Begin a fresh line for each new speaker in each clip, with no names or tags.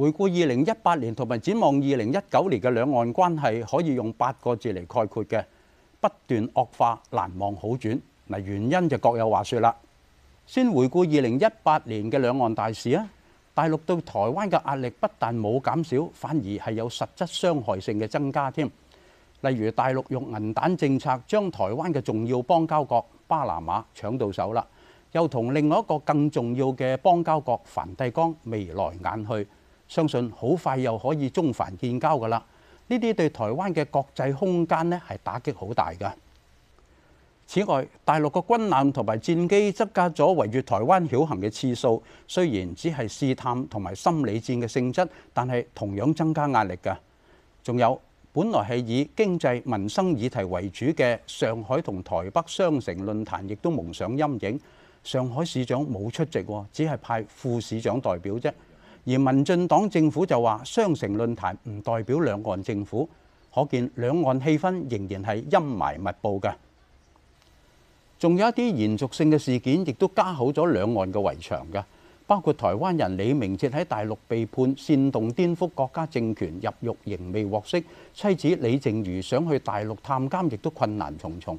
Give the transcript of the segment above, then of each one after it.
回顧二零一八年，同埋展望二零一九年嘅兩岸關係，可以用八個字嚟概括嘅，不斷惡化，難望好轉。嗱，原因就各有話説啦。先回顧二零一八年嘅兩岸大事啊，大陸對台灣嘅壓力不但冇減少，反而係有實質傷害性嘅增加添。例如大陸用銀彈政策將台灣嘅重要邦交國巴拿馬搶到手啦，又同另外一個更重要嘅邦交國梵蒂岡眉來眼去。相信好快又可以中梵建交噶啦！呢啲對台灣嘅國際空間呢，係打擊好大噶。此外，大陸嘅軍艦同埋戰機增加咗圍繞台灣繞行嘅次數，雖然只係試探同埋心理戰嘅性質，但係同樣增加壓力噶。仲有，本來係以經濟民生議題為主嘅上海同台北雙城論壇，亦都蒙上陰影。上海市長冇出席，只係派副市長代表啫。而民進黨政府就話雙城論壇唔代表兩岸政府，可見兩岸氣氛仍然係陰霾密布嘅。仲有一啲延續性嘅事件，亦都加好咗兩岸嘅圍牆嘅，包括台灣人李明哲喺大陸被判煽動顛覆國家政權入獄，仍未獲釋；妻子李淨瑜想去大陸探監，亦都困難重重。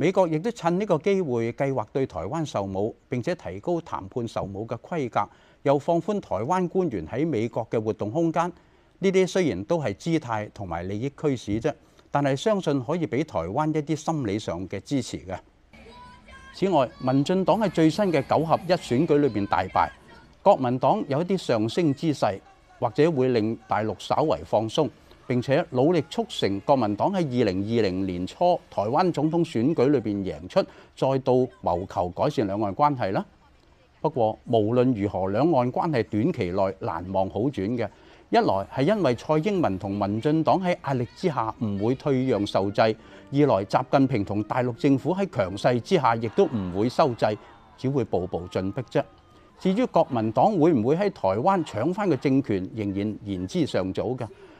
美國亦都趁呢個機會計劃對台灣售武，並且提高談判售武嘅規格，又放寬台灣官員喺美國嘅活動空間。呢啲雖然都係姿態同埋利益驅使啫，但係相信可以俾台灣一啲心理上嘅支持嘅。此外，民進黨喺最新嘅九合一選舉裏面大敗，國民黨有一啲上升姿勢，或者會令大陸稍為放鬆。並且努力促成國民黨喺二零二零年初台灣總統選舉裏邊贏出，再到謀求改善兩岸關係啦。不過，無論如何，兩岸關係短期內難望好轉嘅。一來係因為蔡英文同民進黨喺壓力之下唔會退讓受制；二來習近平同大陸政府喺強勢之下亦都唔會收制，只會步步進逼啫。至於國民黨會唔會喺台灣搶翻個政權，仍然言之尚早嘅。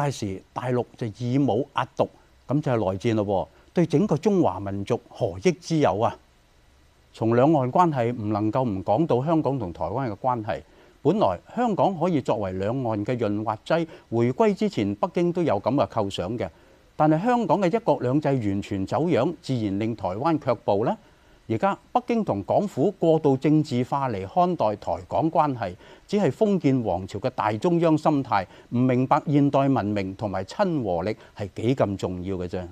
屆時大陸就以武壓獨，咁就係內戰咯喎！對整個中華民族何益之有啊？從兩岸關係唔能夠唔講到香港同台灣嘅關係。本來香港可以作為兩岸嘅潤滑劑，回歸之前北京都有咁嘅構想嘅。但係香港嘅一國兩制完全走樣，自然令台灣卻步啦。而家北京同港府過度政治化嚟看待台港關係，只係封建王朝嘅大中央心態，唔明白現代文明同埋親和力係幾咁重要嘅啫。